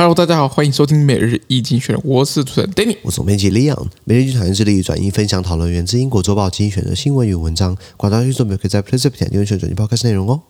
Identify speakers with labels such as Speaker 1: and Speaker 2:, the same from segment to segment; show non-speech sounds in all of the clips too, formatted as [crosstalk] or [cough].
Speaker 1: Hello，大家好，歡迎收聽每日一經濟學人。我是主持人 Danny，
Speaker 2: 我是總編輯 Leon。每日一經濟學人致力於轉譯分享、討論源自英國周報《經濟學人》的新聞與文章。廣大聽眾朋友可以在 PressPlay 點訂閱《經濟學人》周報開始內容哦。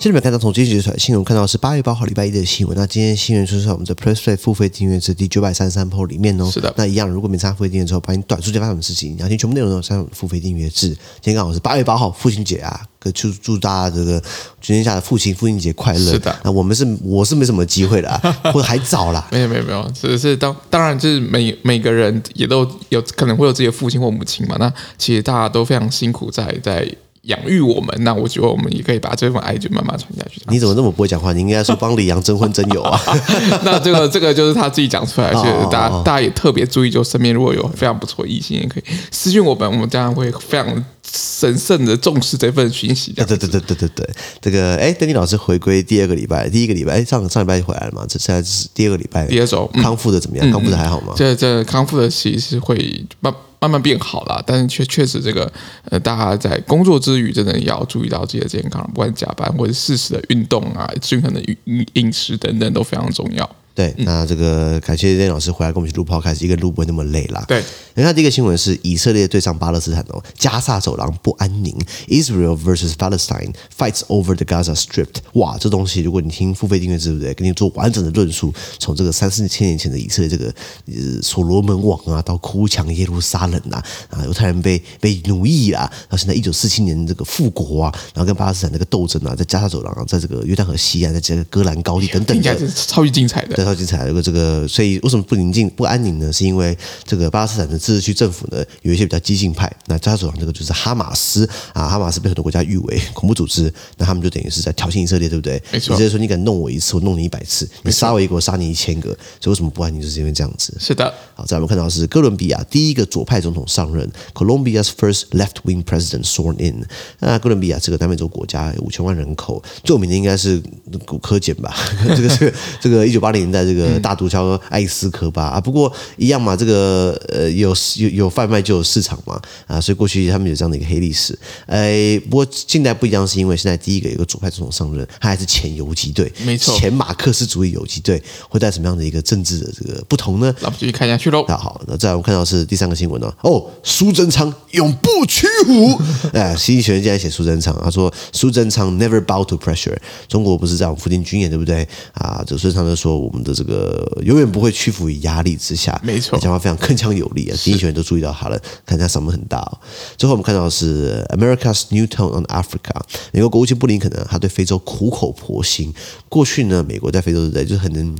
Speaker 2: 沒，今天我們看到從，經濟新聞看到是八月八號禮拜一的新聞。那今天新聞出是在我們的 Press Play 付費訂閱制第九百三十三 PO 裡面哦。是的。那一樣，如果沒參加付費訂閱之後，把你短時間發生什麼事情，兩天全部內容都上付費訂閱制。今天剛好是八月八號父親節啊，可祝祝大家這個全天下的父親父親節快樂。是的。那我們是我是沒什麼機會的啊，或者 [laughs] 還早啦。
Speaker 1: 沒有沒有沒有，只是當當然就是每每個人也都有可能會有自己的父親或母親嘛。那其實大家都非常辛苦在在。養育我們，那我覺得我們也可以把這份愛就慢慢傳下去。這你怎麼那麼不會講話？你應該說幫李陽徵婚徵友啊！ [laughs] [laughs] 那這個這個就是他自己講出來，所以大家哦哦哦，大家也特別注意。就身邊如果有非常不錯的異性，也可以私訊我們，我們當然會非常神聖的重視這份訊息。
Speaker 2: 對，對對對對對對，這個哎，鄧麗老師回歸第二個禮拜，第一個禮拜上上禮拜就回來了嘛，這現在是第二個禮拜。第二首、嗯、康復的怎麼樣？康復的還好嗎？嗯嗯、這
Speaker 1: 這康復的其實會慢。慢慢變好了，但是確確實這個呃，大家在工作之餘，真的要注意到自己的健康，不管加班或者是適時的運動啊，均衡的飲飲食等等，都非常重要。
Speaker 2: 對，那這個、嗯、感謝葉老師回來跟我們去錄 podcast，一個錄不會那麼累啦。對，你看第一個新聞是以色列對上巴勒斯坦哦，加薩走廊不安寧，Israel versus Palestine fights over the Gaza Strip。哇，這東西如果你聽付費訂閱，是不是給你做完整的論述？從這個三四千年前的以色列這個呃所羅門王啊，到哭牆耶路撒冷啊，啊猶太人被被奴役啊，然後現在一九四七年這個復國啊，然後跟巴勒斯坦這個鬥爭啊，在加沙走廊、啊，在這個約旦河西岸，在這個戈蘭高地等等，應該是超級精彩的。超精彩、啊。這個這個，所以為什麼不寧靜、不安寧呢？是因為這個巴勒斯坦的自治區政府呢，有一些比較激進派。那他手上這個就是哈馬斯啊，哈馬斯被很多國家譽為恐怖組織。那他們就等於是在挑釁以色列，對不對？沒錯、欸。也就是說你敢弄我一次，我弄你一百次；你錯殺我一個，我殺你一千個。所以為什麼不安寧？就是因為這樣子。是的。好，在我們看到是哥倫比亞第一個左派總統上任。Colombia's first left-wing president sworn in。哥的那哥倫比亞這個南美洲國家有五千萬人口，著名的應該是古柯鹼吧 [laughs] 這是？這個這個這個，一九八零。現在這個大毒梟艾斯科巴啊，不過一樣嘛，這個呃有有有販賣就有市場嘛啊，所以過去他們有這樣的一個黑歷史。哎，不過現在不一樣，是因為現在第一個有個左派總統上任，他還是前游擊隊，沒錯，前馬克思主義游擊隊，會帶什麼樣的一個政治的這個不同呢？那我們繼續看下去嘍。那、啊、好，那再來我們看到是第三個新聞呢、哦。哦，蘇貞昌永不屈服。哎、 [laughs] 啊，新學員竟然寫蘇貞昌，他說蘇貞昌 never bow to pressure。中國不是在我們附近軍演對不對啊？這蘇貞昌就說我們。的這個永遠不會屈服於壓力之下，嗯、沒錯，講話非常鏗鏘有力啊！經濟學人都注意到他了，是看他嗓門很大、哦。最後我們看到的是 America's New Tone on Africa，美國國務卿布林肯呢，他對非洲苦口婆心。過去呢，美國在非洲對就是很能。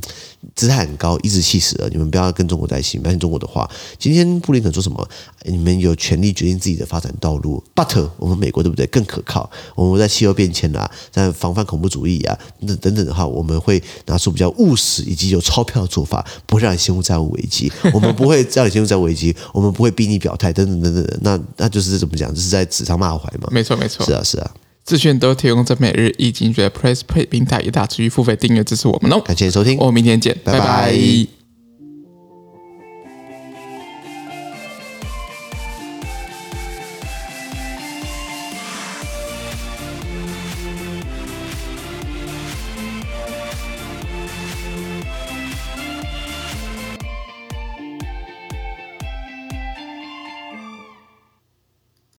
Speaker 2: 姿態很高，頤指氣使的。你們不要跟中國在一起，不要聽中國的話。今天布林肯說什麼？你們有權利決定自己的發展道路，but 我們美國對不對？更可靠。我們在氣候變遷啊，在防範恐怖主義啊等等等等的話，我們會拿出比較務實以及有鈔票的做法，不會讓你陷入債務危機。我們不會讓你陷入債務危機， [laughs] 我們不會逼你表態等等等等。那那就是怎麼講？就是在指桑罵槐嘛。
Speaker 1: 沒錯沒錯，啊，是啊是啊。資訊都提供在每日一經的 Press Play 平台，也大出去付費訂閱支持我們哦，感謝收聽，我們明天見，拜拜。拜拜。